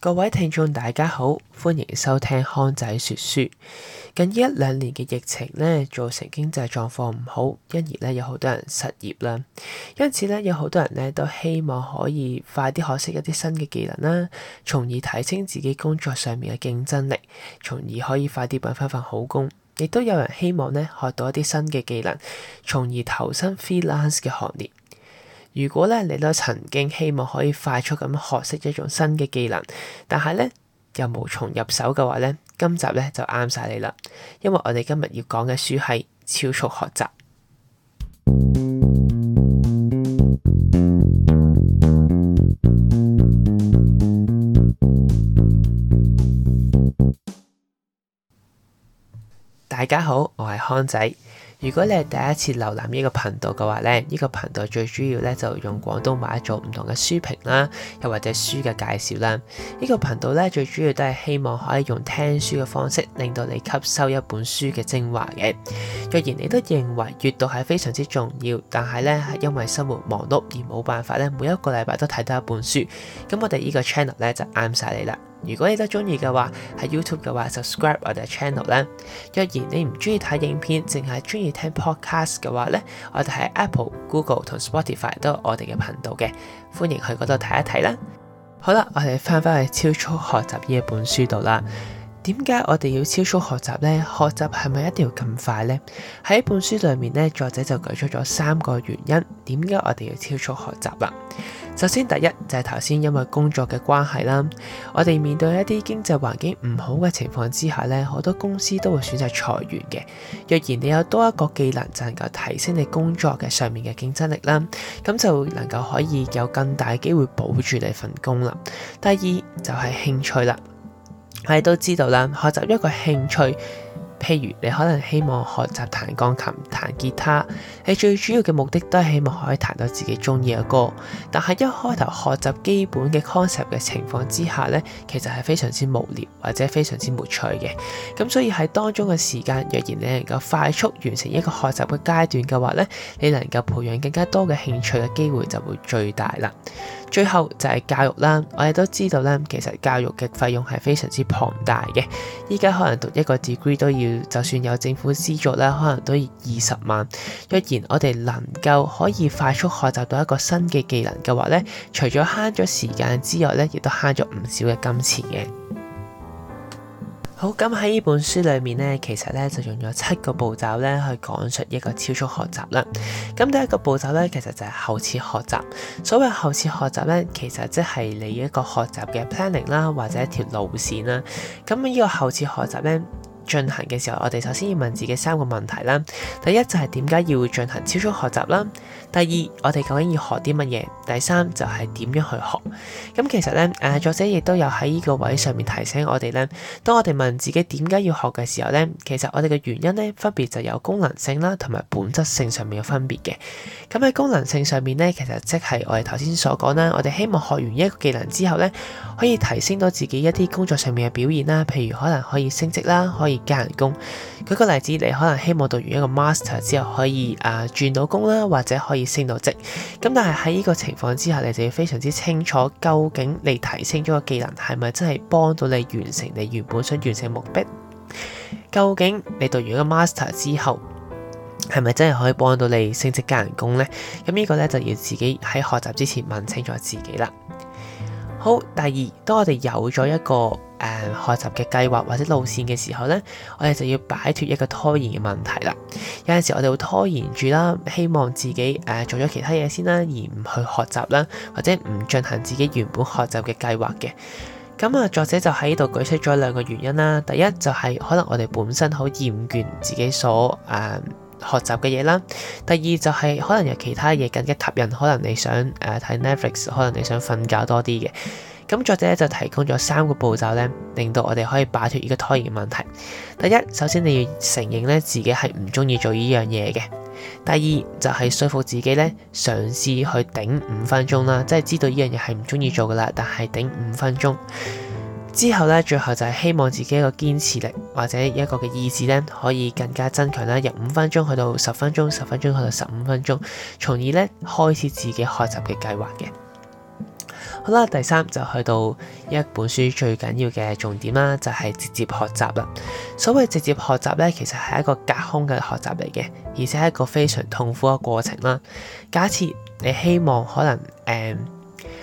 各位聽眾大家好，歡迎收聽康仔說書。近一兩年嘅疫情咧，造成經濟狀況唔好，因而咧有好多人失業啦。因此咧，有好多人咧都希望可以快啲學識一啲新嘅技能啦，從而提升自己工作上面嘅競爭力，從而可以快啲揾翻份好工。亦都有人希望咧學到一啲新嘅技能，從而投身 freelance 嘅行列。如果呢你都曾經希望可以快速咁學識一種新嘅技能，但係呢又無從入手嘅話呢，今集呢就啱晒你啦，因為我哋今日要講嘅書係超速學習。大家好，我係康仔。如果你係第一次瀏覽呢個頻道嘅話咧，呢個頻道最主要咧就用廣東話做唔同嘅書評啦，又或者書嘅介紹啦。呢個頻道咧最主要都係希望可以用聽書嘅方式，令到你吸收一本書嘅精華嘅。若然你都認為閲讀係非常之重要，但係咧係因為生活忙碌而冇辦法咧每一個禮拜都睇到一本書，咁我哋呢個 channel 咧就啱晒你啦。如果你都中意嘅話，喺 YouTube 嘅話 subscribe 我哋嘅 channel 咧。若然你唔中意睇影片，淨係中意聽 podcast 嘅話呢，我哋喺 Apple、Google 同 Spotify 都有我哋嘅頻道嘅，歡迎去嗰度睇一睇啦。好啦，我哋翻返去超速學習呢一本書度啦。點解我哋要超速學習呢？學習係咪一定要咁快呢？喺本書裏面呢，作者就舉出咗三個原因，點解我哋要超速學習啦？首先，第一就係頭先因為工作嘅關係啦，我哋面對一啲經濟環境唔好嘅情況之下呢，好多公司都會選擇裁員嘅。若然你有多一個技能，就能夠提升你工作嘅上面嘅競爭力啦，咁就能夠可以有更大機會保住你份工啦。第二就係興趣啦。我哋都知道啦，學習一個興趣，譬如你可能希望學習彈鋼琴、彈吉他，你最主要嘅目的都係希望可以彈到自己中意嘅歌。但係一開頭學習基本嘅 concept 嘅情況之下呢，其實係非常之無聊或者非常之冇趣嘅。咁所以喺當中嘅時間，若然你能夠快速完成一個學習嘅階段嘅話呢，你能夠培養更加多嘅興趣嘅機會就會最大啦。最後就係教育啦，我哋都知道咧，其實教育嘅費用係非常之龐大嘅。依家可能讀一個 degree 都要，就算有政府資助咧，可能都要二十萬。若然我哋能夠可以快速學習到一個新嘅技能嘅話咧，除咗慳咗時間之外咧，亦都慳咗唔少嘅金錢嘅。好，咁喺呢本書裏面咧，其實咧就用咗七個步驟咧去講述一個超速學習啦。咁第一個步驟咧，其實就係後次學習。所謂後次學習咧，其實即係你一個學習嘅 planning 啦，或者一條路線啦。咁呢個後次學習咧，進行嘅時候，我哋首先要問自己三個問題啦。第一就係點解要進行超速學習啦？第二，我哋究竟要學啲乜嘢？第三就係點樣去學？咁其實呢，誒、啊、作者亦都有喺呢個位上面提醒我哋呢。當我哋問自己點解要學嘅時候呢，其實我哋嘅原因呢，分別就有功能性啦同埋本質性上面嘅分別嘅。咁喺功能性上面呢，其實即係我哋頭先所講啦，我哋希望學完一個技能之後呢，可以提升到自己一啲工作上面嘅表現啦，譬如可能可以升職啦，可以加人工。舉、那個例子，你可能希望讀完一個 master 之後可以誒、呃、轉到工啦，或者可以升到職。咁但係喺呢個情況之下，你就要非常之清楚，究竟你提升咗個技能係咪真係幫到你完成你原本想完成嘅目標？究竟你讀完一個 master 之後係咪真係可以幫到你升職加人工呢？咁呢個咧就要自己喺學習之前問清楚自己啦。好，第二，當我哋有咗一個誒、呃、學習嘅計劃或者路線嘅時候呢，我哋就要擺脫一個拖延嘅問題啦。有陣時我哋會拖延住啦，希望自己誒、呃、做咗其他嘢先啦，而唔去學習啦，或者唔進行自己原本學習嘅計劃嘅。咁、嗯、啊，作者就喺度舉出咗兩個原因啦。第一就係可能我哋本身好厭倦自己所誒。呃學習嘅嘢啦。第二就係、是、可能有其他嘢更加吸引，可能你想誒睇、呃、Netflix，可能你想瞓覺多啲嘅。咁作者咧就提供咗三個步驟咧，令到我哋可以擺脫呢個拖延嘅問題。第一，首先你要承認咧自己係唔中意做呢樣嘢嘅。第二就係、是、說服自己咧，嘗試去頂五分鐘啦，即係知道呢樣嘢係唔中意做噶啦，但係頂五分鐘。之後咧，最後就係希望自己一個堅持力或者一個嘅意志咧，可以更加增強啦。由五分鐘去到十分鐘，十分鐘去到十五分鐘，從而咧開始自己學習嘅計劃嘅。好啦，第三就去到一本書最緊要嘅重點啦，就係直接學習啦。所謂直接學習咧，其實係一個隔空嘅學習嚟嘅，而且係一個非常痛苦嘅過程啦。假設你希望可能誒。嗯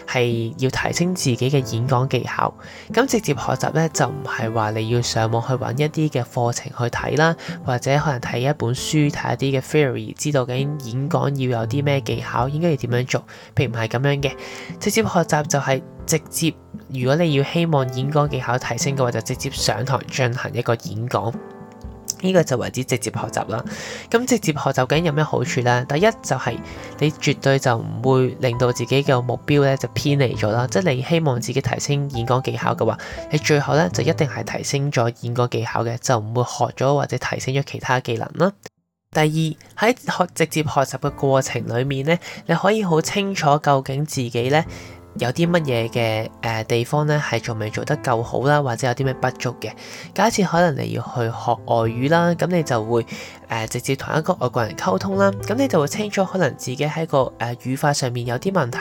係要提升自己嘅演講技巧，咁直接學習呢，就唔係話你要上網去揾一啲嘅課程去睇啦，或者可能睇一本書、睇一啲嘅 theory，知道究竟演講要有啲咩技巧，應該要點樣做。並唔係咁樣嘅，直接學習就係直接，如果你要希望演講技巧提升嘅話，就直接上台進行一個演講。呢個就為之直接學習啦。咁直接學習究竟有咩好處呢？第一就係你絕對就唔會令到自己嘅目標咧就偏離咗啦。即係你希望自己提升演講技巧嘅話，你最後咧就一定係提升咗演講技巧嘅，就唔會學咗或者提升咗其他技能啦。第二，喺學直接學習嘅過程裡面咧，你可以好清楚究竟自己咧。有啲乜嘢嘅誒地方咧係仲未做得夠好啦，或者有啲咩不足嘅？假設可能你要去學外語啦，咁你就會誒、呃、直接同一個外國人溝通啦，咁你就會清楚可能自己喺個誒、呃、語法上面有啲問題，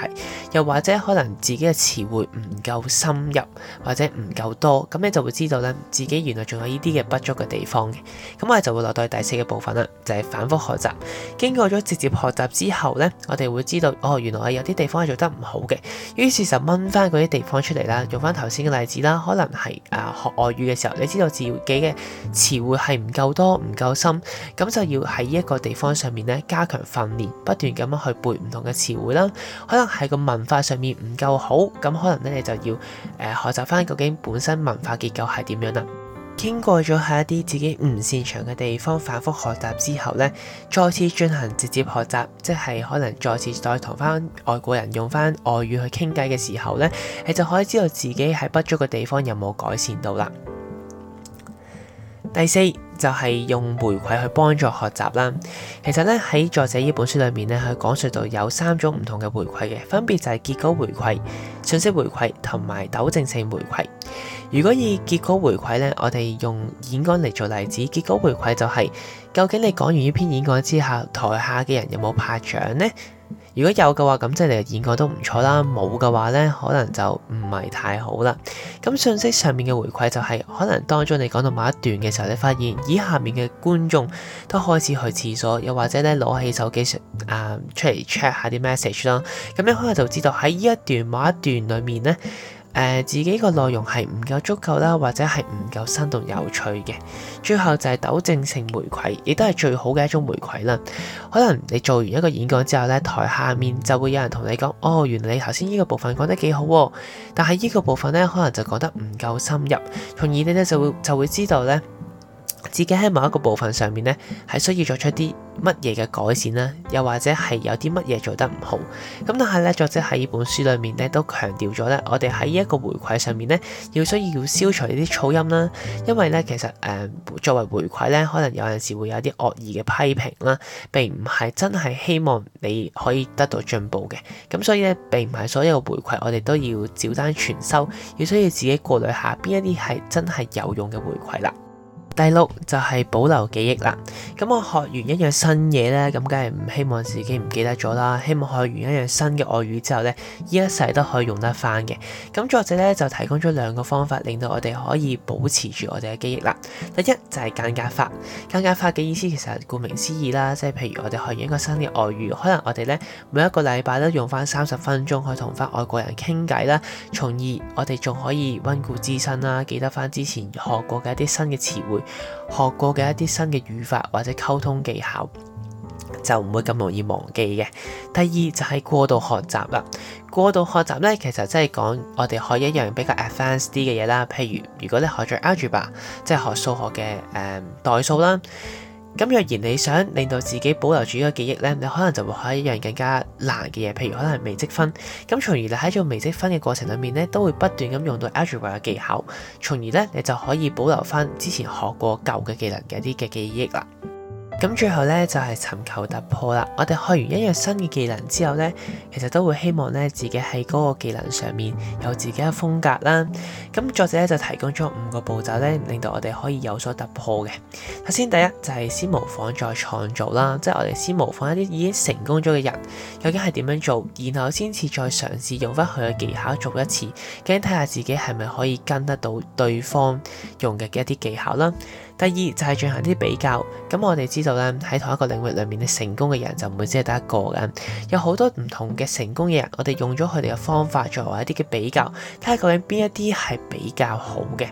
又或者可能自己嘅詞彙唔夠深入或者唔夠多，咁你就會知道咧自己原來仲有呢啲嘅不足嘅地方嘅。咁我哋就會落到去第四個部分啦，就係、是、反覆學習。經過咗直接學習之後咧，我哋會知道哦，原來有啲地方係做得唔好嘅。於是就掹翻嗰啲地方出嚟啦，用翻頭先嘅例子啦，可能係誒、呃、學外語嘅時候，你知道自己嘅詞彙係唔夠多、唔夠深，咁就要喺呢一個地方上面咧加強訓練，不斷咁樣去背唔同嘅詞彙啦。可能係個文化上面唔夠好，咁可能咧你就要誒、呃、學習翻究竟本身文化結構係點樣啦。經過咗喺一啲自己唔擅長嘅地方反覆學習之後呢，再次進行直接學習，即係可能再次再同翻外國人用翻外語去傾偈嘅時候呢，你就可以知道自己喺不足嘅地方有冇改善到啦。第四。就係用回饋去幫助學習啦。其實咧喺作者呢本書裏面咧，佢講述到有三種唔同嘅回饋嘅，分別就係結果回饋、信息回饋同埋糾正性回饋。如果以結果回饋咧，我哋用演講嚟做例子，結果回饋就係，究竟你講完呢篇演講之後，台下嘅人有冇拍掌呢？如果有嘅話，咁即係你嘅演講都唔錯啦。冇嘅話呢，可能就唔係太好啦。咁信息上面嘅回饋就係，可能當中你講到某一段嘅時候，你發現以下面嘅觀眾都開始去廁所，又或者咧攞起手機啊、呃、出嚟 check 下啲 message 啦。咁樣你可能就知道喺呢一段某一段裏面呢。呃、自己個內容係唔夠足夠啦，或者係唔夠生動有趣嘅。最後就係糾正性回饋，亦都係最好嘅一種回饋啦。可能你做完一個演講之後呢，台下面就會有人同你講：哦，原來你頭先呢個部分講得幾好，啊，但係呢個部分呢，可能就講得唔夠深入，從而你咧就會就會知道呢。自己喺某一個部分上面咧，係需要作出啲乜嘢嘅改善啦，又或者係有啲乜嘢做得唔好咁。但係咧，作者喺呢本書裏面咧都強調咗咧，我哋喺呢一個回饋上面咧，要需要消除呢啲噪音啦，因為咧其實誒、呃、作為回饋咧，可能有陣時會有啲惡意嘅批評啦，並唔係真係希望你可以得到進步嘅。咁所以咧，並唔係所有回饋我哋都要照單全收，要需要自己過濾下邊一啲係真係有用嘅回饋啦。第六就係保留記憶啦。咁我學完一樣新嘢呢，咁梗係唔希望自己唔記得咗啦。希望學完一樣新嘅外語之後呢，依一世都可以用得翻嘅。咁作者呢就提供咗兩個方法，令到我哋可以保持住我哋嘅記憶啦。第一就係間隔法。間隔法嘅意思其實顧名思義啦，即係譬如我哋學完一個新嘅外語，可能我哋呢每一個禮拜都用翻三十分鐘去同翻外國人傾偈啦，從而我哋仲可以温故知新啦，記得翻之前學過嘅一啲新嘅詞彙。學過嘅一啲新嘅語法或者溝通技巧就唔會咁容易忘記嘅。第二就係過度學習啦。過度學習咧，其實即係講我哋學一樣比較 advanced 啲嘅嘢啦。譬如，如果你學咗 algebra，即係學數學嘅誒、呃、代數啦。咁若然你想令到自己保留住呢個記憶呢，你可能就會學一樣更加難嘅嘢，譬如可能係微積分。咁從而你喺做微積分嘅過程裏面呢，都會不斷咁用到 algebra 嘅技巧，從而呢，你就可以保留翻之前學過舊嘅技能嘅啲嘅記憶啦。咁最後咧就係尋求突破啦！我哋學完一樣新嘅技能之後咧，其實都會希望咧自己喺嗰個技能上面有自己嘅風格啦。咁、嗯、作者咧就提供咗五個步驟咧，令到我哋可以有所突破嘅。首先第一就係先模仿再創造啦，即係我哋先模仿一啲已經成功咗嘅人究竟係點樣做，然後先至再嘗試用返佢嘅技巧做一次，究竟睇下自己係咪可以跟得到對方用嘅嘅一啲技巧啦。第二就係進行啲比較，咁我哋知道咧喺同一個領域裏面咧成功嘅人就唔會只係得一個嘅，有好多唔同嘅成功嘅人，我哋用咗佢哋嘅方法作為一啲嘅比較，睇下究竟邊一啲係比較好嘅。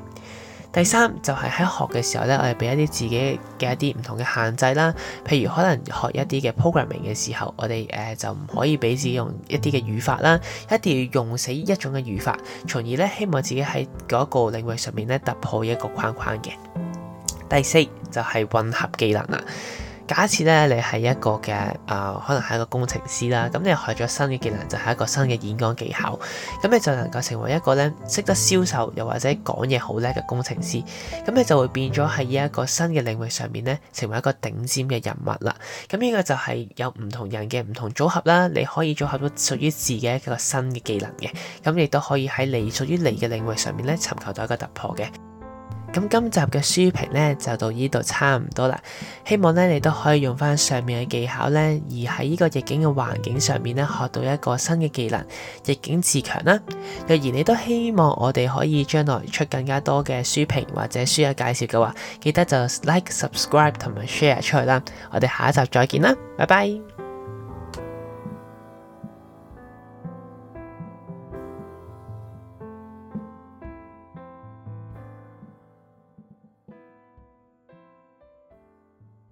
第三就係喺學嘅時候咧，我哋俾一啲自己嘅一啲唔同嘅限制啦，譬如可能學一啲嘅 programming 嘅時候，我哋誒、呃、就唔可以俾自己用一啲嘅語法啦，一定要用死一種嘅語法，從而咧希望自己喺嗰一個領域上面咧突破一個框框嘅。第四就係混合技能啦。假設咧你係一個嘅啊，呃，可能係一個工程師啦，咁你學咗新嘅技能就係一個新嘅演講技巧，咁你就能夠成為一個咧識得銷售又或者講嘢好叻嘅工程師，咁你就會變咗喺呢一個新嘅領域上面咧成為一個頂尖嘅人物啦。咁呢個就係有唔同人嘅唔同組合啦，你可以組合到屬於自己一個新嘅技能嘅，咁你都可以喺你屬於你嘅領域上面咧尋求到一個突破嘅。咁今集嘅書評呢，就到呢度差唔多啦，希望呢，你都可以用翻上面嘅技巧呢，而喺呢個逆境嘅環境上面呢，學到一個新嘅技能，逆境自強啦。若然你都希望我哋可以將來出更加多嘅書評或者書嘅介紹嘅話，記得就 like、subscribe 同埋 share 出去啦。我哋下一集再見啦，拜拜。